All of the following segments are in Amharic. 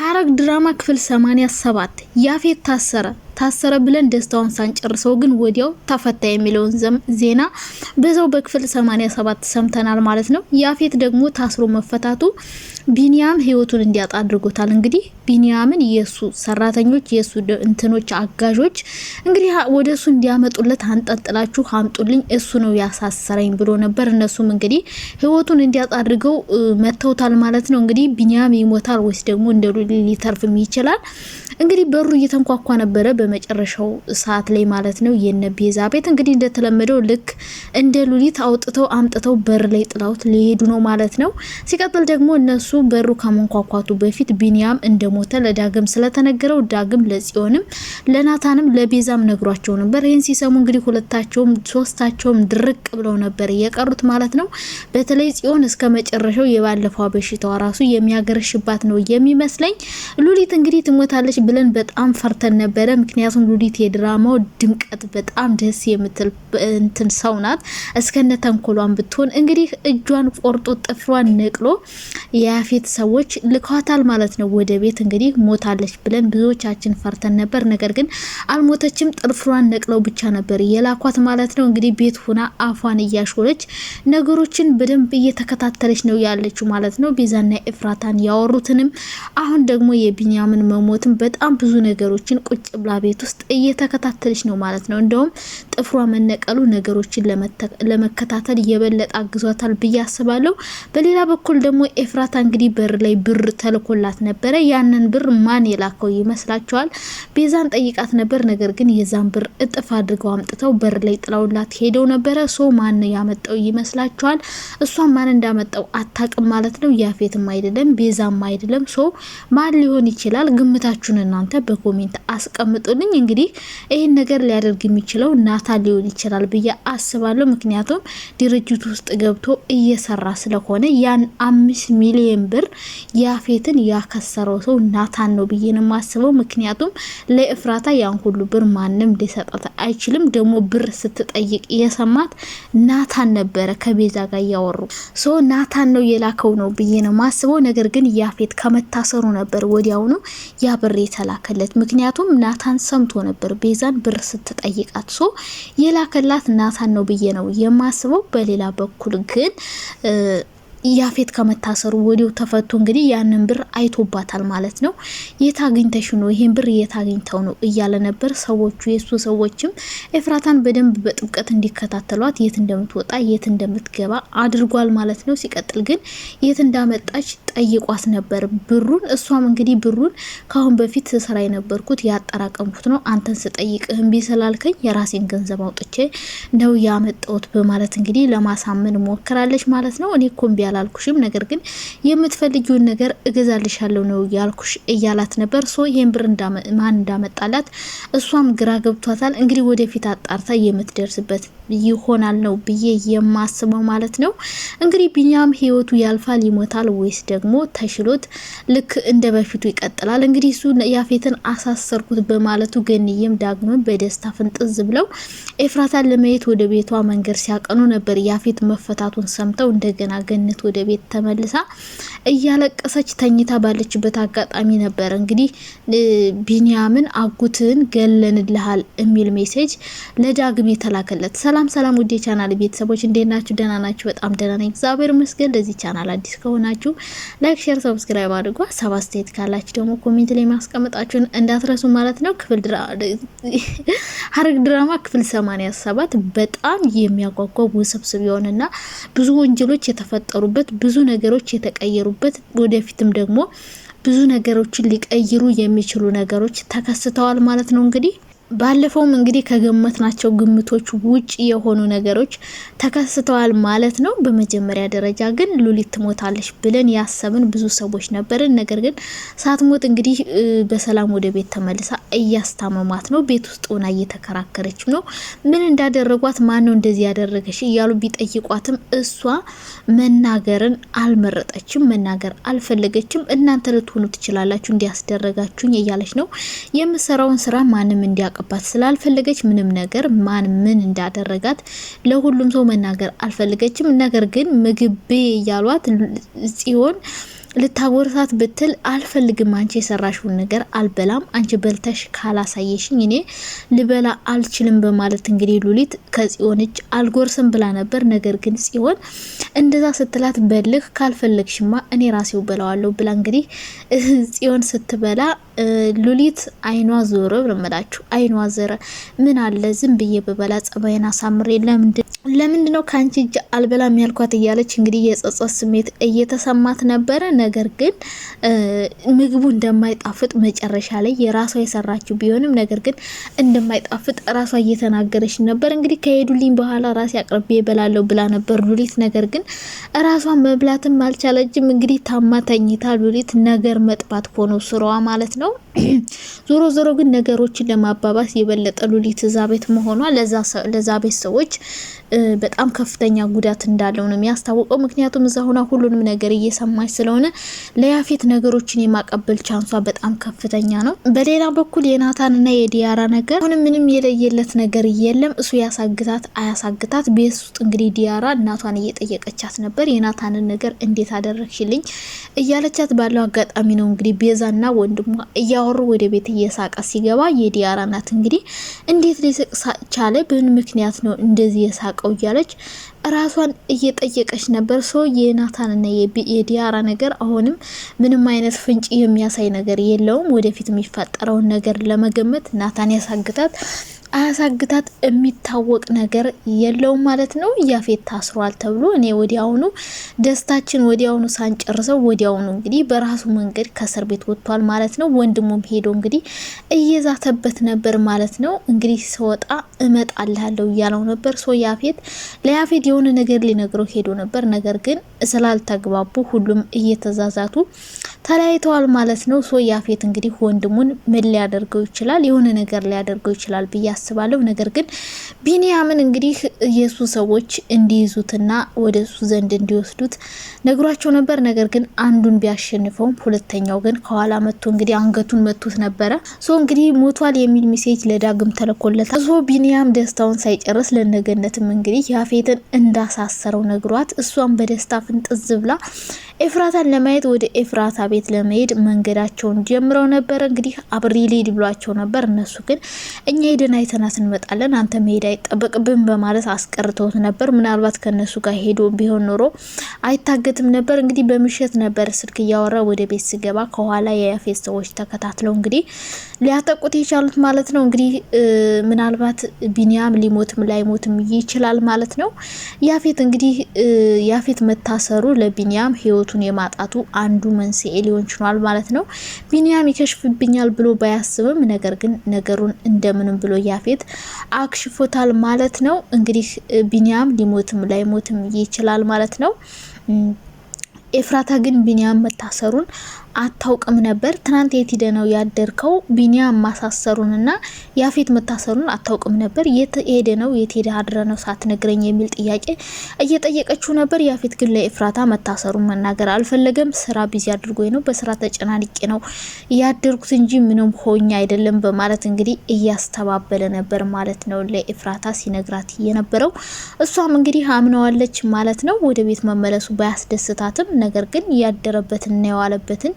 ሐረግ ድራማ ክፍል 87 ያፌት ታሰረ። ታሰረ ብለን ደስታውን ሳንጨርሰው ግን ወዲያው ተፈታ የሚለውን ዜና በዛው በክፍል 87 ሰምተናል ማለት ነው። ያፌት ደግሞ ታስሮ መፈታቱ ቢኒያም ህይወቱን እንዲያጣ አድርጎታል። እንግዲህ ቢኒያምን የሱ ሰራተኞች የሱ እንትኖች አጋዦች እንግዲህ ወደ እሱ እንዲያመጡለት አንጠልጥላችሁ አምጡልኝ እሱ ነው ያሳሰረኝ ብሎ ነበር። እነሱም እንግዲህ ህይወቱን እንዲያጣ አድርገው መተውታል ማለት ነው። እንግዲህ ቢኒያም ይሞታል ወይስ ደግሞ እንደ ሊተርፍም ይችላል። እንግዲህ በሩ እየተንኳኳ ነበረ። በ። በመጨረሻው ሰዓት ላይ ማለት ነው የነ ቤዛ ቤት እንግዲህ እንደተለመደው ልክ እንደ ሉሊት አውጥተው አምጥተው በር ላይ ጥላውት ሊሄዱ ነው ማለት ነው። ሲቀጥል ደግሞ እነሱ በሩ ከመንኳኳቱ በፊት ቢኒያም እንደሞተ ለዳግም ስለተነገረው ዳግም ለጽዮንም ለናታንም ለቤዛም ነግሯቸው ነበር። ይህን ሲሰሙ እንግዲህ ሁለታቸውም ሶስታቸውም ድርቅ ብለው ነበር የቀሩት ማለት ነው። በተለይ ጽዮን እስከ መጨረሻው የባለፈው በሽታዋ ራሱ የሚያገረሽባት ነው የሚመስለኝ። ሉሊት እንግዲህ ትሞታለች ብለን በጣም ፈርተን ነበረ ምክንያቱ ምክንያቱም ሉሊት የድራማው ድምቀት በጣም ደስ የምትል እንትን ሰው ናት። እስከነ ተንኮሏን ብትሆን እንግዲህ እጇን ቆርጦ ጥፍሯን ነቅሎ የያፌት ሰዎች ልከዋታል ማለት ነው ወደ ቤት። እንግዲህ ሞታለች ብለን ብዙዎቻችን ፈርተን ነበር። ነገር ግን አልሞተችም። ጥፍሯን ነቅለው ብቻ ነበር የላኳት ማለት ነው። እንግዲህ ቤት ሆና አፏን እያሾለች ነገሮችን በደንብ እየተከታተለች ነው ያለችው ማለት ነው። ቤዛና ኤፍራታን ያወሩትንም አሁን ደግሞ የቢንያምን መሞትን በጣም ብዙ ነገሮችን ቁጭ ብላ ቤት ውስጥ እየተከታተለች ነው ማለት ነው። እንደውም ጥፍሯ መነቀሉ ነገሮችን ለመከታተል የበለጠ አግዟታል ብዬ አስባለሁ። በሌላ በኩል ደግሞ ኤፍራታ እንግዲህ በር ላይ ብር ተልኮላት ነበረ። ያንን ብር ማን የላከው ይመስላችኋል? ቤዛን ጠይቃት ነበር። ነገር ግን የዛን ብር እጥፍ አድርገው አምጥተው በር ላይ ጥለውላት ሄደው ነበረ። ሶ ማን ያመጣው ይመስላችኋል? እሷም ማን እንዳመጣው አታቅም ማለት ነው። ያፌትም አይደለም ቤዛም አይደለም። ሶ ማን ሊሆን ይችላል? ግምታችሁን እናንተ በኮሜንት አስቀምጡ። ያስቀምጡልኝ። እንግዲህ ይህን ነገር ሊያደርግ የሚችለው ናታን ሊሆን ይችላል ብዬ አስባለሁ። ምክንያቱም ድርጅቱ ውስጥ ገብቶ እየሰራ ስለሆነ ያን አምስት ሚሊዮን ብር ያፌትን ያከሰረው ሰው ናታን ነው ብዬ ነው የማስበው። ምክንያቱም ለእፍራታ ያን ሁሉ ብር ማንም ሊሰጣት አይችልም። ደግሞ ብር ስትጠይቅ የሰማት ናታን ነበረ ከቤዛ ጋር እያወሩ ሶ ናታን ነው የላከው ነው ብዬ ነው ማስበው። ነገር ግን ያፌት ከመታሰሩ ነበር ወዲያውኑ ያ ብር የተላከለት። ምክንያቱም ናታን ሰምቶ ነበር ቤዛን ብር ስትጠይቃት። ሶ የላከላት ናታን ነው ብዬ ነው የማስበው። በሌላ በኩል ግን ያፌት ከመታሰሩ ወዲው ተፈቶ እንግዲህ ያንን ብር አይቶባታል ማለት ነው። የት አግኝተሽ ነው ይሄን ብር የት አግኝተው ነው እያለ ነበር። ሰዎቹ የእሱ ሰዎችም ኤፍራታን በደንብ በጥብቀት እንዲከታተሏት የት እንደምትወጣ የት እንደምትገባ አድርጓል ማለት ነው። ሲቀጥል ግን የት እንዳመጣች ጠይቋት ነበር ብሩን። እሷም እንግዲህ ብሩን ካሁን በፊት ስራ የነበርኩት ያጠራቀምኩት ነው አንተን ስጠይቅህ እምቢ ስላልከኝ የራሴን ገንዘብ አውጥቼ ነው ያመጣሁት በማለት እንግዲህ ለማሳመን ሞክራለች ማለት ነው። እኔ ኮምቢያ ያላልኩሽም፣ ነገር ግን የምትፈልጊውን ነገር እገዛልሻለሁ ነው ያልኩሽ እያላት ነበር። ሶ ይህን ብር ማን እንዳመጣላት እሷም ግራ ገብቷታል። እንግዲህ ወደፊት አጣርታ የምትደርስበት ይሆናል ነው ብዬ የማስበው ማለት ነው። እንግዲህ ቢኒያም ህይወቱ ያልፋል ይሞታል ወይስ ደግሞ ተሽሎት ልክ እንደ በፊቱ ይቀጥላል? እንግዲህ እሱ ያፌትን አሳሰርኩት በማለቱ ገንዬም ዳግምም በደስታ ፍንጥዝ ብለው ኤፍራታን ለመየት ወደ ቤቷ መንገድ ሲያቀኑ ነበር። ያፌት መፈታቱን ሰምተው እንደገና ገነት ወደ ቤት ተመልሳ እያለቀሰች ተኝታ ባለችበት አጋጣሚ ነበር እንግዲህ ቢኒያምን አጉትን ገለንልሃል የሚል ሜሴጅ ለዳግም የተላከለት። ሰላም ሰላም ውዴ ቻናል ቤተሰቦች እንዴት ናችሁ? ደህና ናችሁ? በጣም ደህና ነኝ እግዚአብሔር ይመስገን። ለዚህ ቻናል አዲስ ከሆናችሁ ላይክ፣ ሼር፣ ሰብስክራይብ አድርጉ። ሀሳብ አስተያየት ካላችሁ ደግሞ ኮሜንት ላይ ማስቀመጣችሁን እንዳትረሱ ማለት ነው። ክፍል ሐረግ ድራማ ክፍል 87 በጣም የሚያጓጓ ውስብስብ የሆነና ብዙ ወንጀሎች የተፈጠሩበት ብዙ ነገሮች የተቀየሩበት ወደፊትም ደግሞ ብዙ ነገሮችን ሊቀይሩ የሚችሉ ነገሮች ተከስተዋል ማለት ነው እንግዲህ ባለፈውም እንግዲህ ከገመትናቸው ግምቶች ውጪ የሆኑ ነገሮች ተከስተዋል ማለት ነው። በመጀመሪያ ደረጃ ግን ሉሊት ትሞታለች ብለን ያሰብን ብዙ ሰዎች ነበርን። ነገር ግን ሳትሞት እንግዲህ በሰላም ወደ ቤት ተመልሳ እያስታመማት ነው። ቤት ውስጥ ሆና እየተከራከረች ነው። ምን እንዳደረጓት፣ ማን ነው እንደዚህ ያደረገች እያሉ ቢጠይቋትም እሷ መናገርን አልመረጠችም፣ መናገር አልፈለገችም። እናንተ ልትሆኑ ትችላላችሁ እንዲያስደረጋችሁኝ እያለች ነው። የምሰራውን ስራ ማንም እንዲያውቅ እንዲታወቅባት ስላልፈለገች ምንም ነገር ማን ምን እንዳደረጋት ለሁሉም ሰው መናገር አልፈለገችም። ነገር ግን ምግቤ እያሏት ጽዮን ልታወርሳት ብትል አልፈልግም፣ አንቺ የሰራሽውን ነገር አልበላም፣ አንቺ በልተሽ ካላሳየሽኝ እኔ ልበላ አልችልም በማለት እንግዲህ ሉሊት ከጽዮን እጅ አልጎርስም ብላ ነበር። ነገር ግን ጽዮን እንደዛ ስትላት በልህ ካልፈለግሽማ እኔ ራሴው በላዋለሁ ብላ እንግዲህ ጽዮን ስትበላ ሉሊት አይኗ ዞረ ብለመላችሁ አይኗ ዘረ ምን አለ ዝም ብዬ በበላ ጸባይን አሳምሬ ለምንድን ለምንድን ነው ከአንቺ እጅ አልበላም ያልኳት እያለች እንግዲህ የጸጸት ስሜት እየተሰማት ነበረ። ነገር ግን ምግቡ እንደማይጣፍጥ መጨረሻ ላይ የራሷ የሰራችው ቢሆንም ነገር ግን እንደማይጣፍጥ ራሷ እየተናገረች ነበር። እንግዲህ ከሄዱልኝ በኋላ ራሴ አቅርቤ እበላለሁ ብላ ነበር ሉሊት። ነገር ግን ራሷ መብላትም አልቻለችም። እንግዲህ ታማ ተኝታ ሉሊት ነገር መጥባት ሆኖ ስራዋ ማለት ነው። ዞሮ ዞሮ ግን ነገሮችን ለማባባስ የበለጠ ሉሊት እዛ ቤት መሆኗ ለዛ ቤት ሰዎች በጣም ከፍተኛ ጉዳት እንዳለው ነው የሚያስታወቀው። ምክንያቱም እዛ ሆና ሁሉንም ነገር እየሰማች ስለሆነ ለያፌት ነገሮችን የማቀበል ቻንሷ በጣም ከፍተኛ ነው። በሌላ በኩል የናታንና የዲያራ ነገር አሁንም ምንም የለየለት ነገር የለም። እሱ ያሳግታት አያሳግታት ቤት ውስጥ እንግዲህ ዲያራ እናቷን እየጠየቀቻት ነበር። የናታንን ነገር እንዴት አደረግሽልኝ እያለቻት ባለው አጋጣሚ ነው እንግዲህ ቤዛና ወንድሟ እያወሩ ወደ ቤት እየሳቀ ሲገባ የዲያራ ናት እንግዲህ እንዴት ሊስቅ ቻለ? ብን ምክንያት ነው እንደዚህ የሳቀ የምናውቀው እያለች ራሷን እየጠየቀች ነበር። የናታን የናታንና የዲያራ ነገር አሁንም ምንም አይነት ፍንጭ የሚያሳይ ነገር የለውም። ወደፊት የሚፈጠረውን ነገር ለመገመት ናታን ያሳግታት። አያሳግታት የሚታወቅ ነገር የለውም ማለት ነው። ያፌት ታስሯል ተብሎ እኔ ወዲያውኑ ደስታችን ወዲያውኑ ሳንጨርሰው ወዲያውኑ እንግዲህ በራሱ መንገድ ከእስር ቤት ወጥቷል ማለት ነው። ወንድሙም ሄዶ እንግዲህ እየዛተበት ነበር ማለት ነው። እንግዲህ ስወጣ እመጣልሃለሁ እያለው ነበር። ሶ ያፌት ለያፌት የሆነ ነገር ሊነግረው ሄዶ ነበር። ነገር ግን ስላልተግባቡ ሁሉም እየተዛዛቱ ተለያይተዋል ማለት ነው። ሶ ያፌት እንግዲህ ወንድሙን ምን ሊያደርገው ይችላል? የሆነ ነገር ሊያደርገው ይችላል ብያ አስባለሁ። ነገር ግን ቢንያምን እንግዲህ የሱ ሰዎች እንዲይዙትና ወደ እሱ ዘንድ እንዲወስዱት ነግሯቸው ነበር። ነገር ግን አንዱን ቢያሸንፈውም ሁለተኛው ግን ከኋላ መጥቶ እንግዲህ አንገቱን መቶት ነበረ። ሶ እንግዲህ ሞቷል የሚል ሚሴጅ ለዳግም ተለኮለታል። ሶ ቢንያም ደስታውን ሳይጨርስ ለነገነትም እንግዲህ ያፌትን እንዳሳሰረው ነግሯት እሷን በደስታ ፍንጥዝ ብላ ኤፍራታን ለማየት ወደ ኤፍራታ ቤት ለመሄድ መንገዳቸውን ጀምረው ነበር። እንግዲህ አብሬ ብሏቸው ነበር። እነሱ ግን እኛ ሄደን አይተናት እንመጣለን፣ አንተ መሄድ አይጠበቅብን በማለት አስቀርተውት ነበር። ምናልባት ከነሱ ጋር ሄዶ ቢሆን ኖሮ አይታገትም ነበር። እንግዲህ በምሽት ነበር ስልክ እያወራ ወደ ቤት ስገባ ከኋላ የያፌት ሰዎች ተከታትለው እንግዲህ ሊያጠቁት የቻሉት ማለት ነው። እንግዲህ ምናልባት ቢኒያም ሊሞትም ላይሞትም ይችላል ማለት ነው። ያፌት እንግዲህ ያፌት መታሰሩ ለቢኒያም ህይወቱን የማጣቱ አንዱ መንስኤ ሊሆን ችሏል ማለት ነው። ቢኒያም ይከሽፍብኛል ብሎ ባያስብም ነገር ግን ነገሩን እንደምንም ብሎ ያ ያፌት አክሽፎታል ማለት ነው። እንግዲህ ቢኒያም ሊሞትም ላይሞትም ይችላል ማለት ነው። ኤፍራታ ግን ቢኒያም መታሰሩን አታውቅም ነበር። ትናንት የት ሄደ ነው ያደርከው? ቢኒያም ማሳሰሩንና ያፌት መታሰሩን አታውቅም ነበር። የት ሄደ ነው የት ሄደ አድረ ነው ሳትነግረኝ የሚል ጥያቄ እየጠየቀችው ነበር። ያፌት ግን ለኤፍራታ መታሰሩን መናገር አልፈለገም። ስራ ቢዚ አድርጎ ነው፣ በስራ ተጨናንቄ ነው ያደርኩት እንጂ ምንም ሆኜ አይደለም በማለት እንግዲህ እያስተባበለ ነበር ማለት ነው ለኤፍራታ ሲነግራት የነበረው። እሷም እንግዲህ አምነዋለች ማለት ነው። ወደ ቤት መመለሱ ባያስደስታትም ነገር ግን ያደረበትን የዋለበትን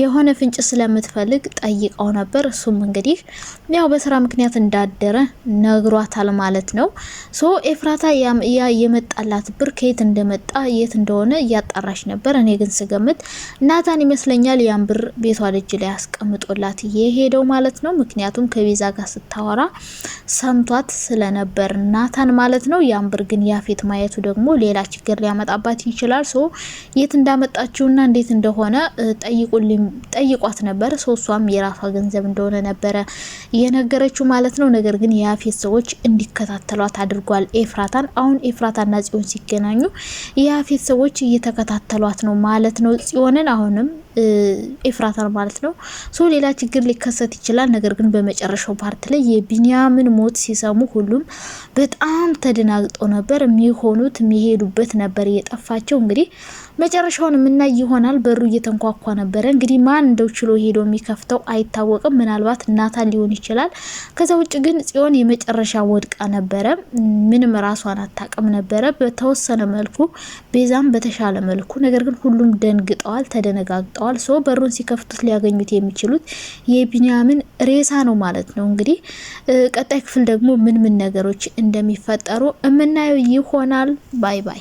የሆነ ፍንጭ ስለምትፈልግ ጠይቀው ነበር። እሱም እንግዲህ ያው በስራ ምክንያት እንዳደረ ነግሯታል ማለት ነው። ሶ ኤፍራታ ያ የመጣላት ብር ከየት እንደመጣ የት እንደሆነ እያጣራች ነበር። እኔ ግን ስገምት ናታን ይመስለኛል ያን ብር ቤቷ ደጅ ላይ ያስቀምጦላት የሄደው ማለት ነው። ምክንያቱም ከቤዛ ጋር ስታወራ ሰምቷት ስለነበር ናታን ማለት ነው። ያን ብር ግን ያፌት ማየቱ ደግሞ ሌላ ችግር ሊያመጣባት ይችላል። ሶ የት እንዳመጣችውና እንዴት እንደሆነ ጠይቁልኝ ጠይቋት ነበር። ሶሷም የራሷ ገንዘብ እንደሆነ ነበረ እየነገረችው ማለት ነው። ነገር ግን የአፌት ሰዎች እንዲከታተሏት አድርጓል ኤፍራታን። አሁን ኤፍራታና ጽዮን ሲገናኙ የአፌት ሰዎች እየተከታተሏት ነው ማለት ነው ጽዮንን አሁንም ኤፍራታን ማለት ነው። ሶ ሌላ ችግር ሊከሰት ይችላል። ነገር ግን በመጨረሻው ፓርት ላይ የቢንያምን ሞት ሲሰሙ ሁሉም በጣም ተደናግጠው ነበር። የሚሆኑት የሚሄዱበት ነበር እየጠፋቸው። እንግዲህ መጨረሻውን የምናይ ይሆናል። በሩ እየተንኳኳ ነበረ። እንግዲህ ማን እንደው ችሎ ሄዶ የሚከፍተው አይታወቅም። ምናልባት ናታን ሊሆን ይችላል። ከዛ ውጭ ግን ጽዮን የመጨረሻ ወድቃ ነበረ። ምንም ራሷን አታቅም ነበረ። በተወሰነ መልኩ ቤዛም በተሻለ መልኩ፣ ነገር ግን ሁሉም ደንግጠዋል፣ ተደነጋግጠዋል። ተቀምጠዋል። ሶ በሩን ሲከፍቱት ሊያገኙት የሚችሉት የቢንያምን ሬሳ ነው ማለት ነው። እንግዲህ ቀጣይ ክፍል ደግሞ ምን ምን ነገሮች እንደሚፈጠሩ የምናየው ይሆናል። ባይ ባይ።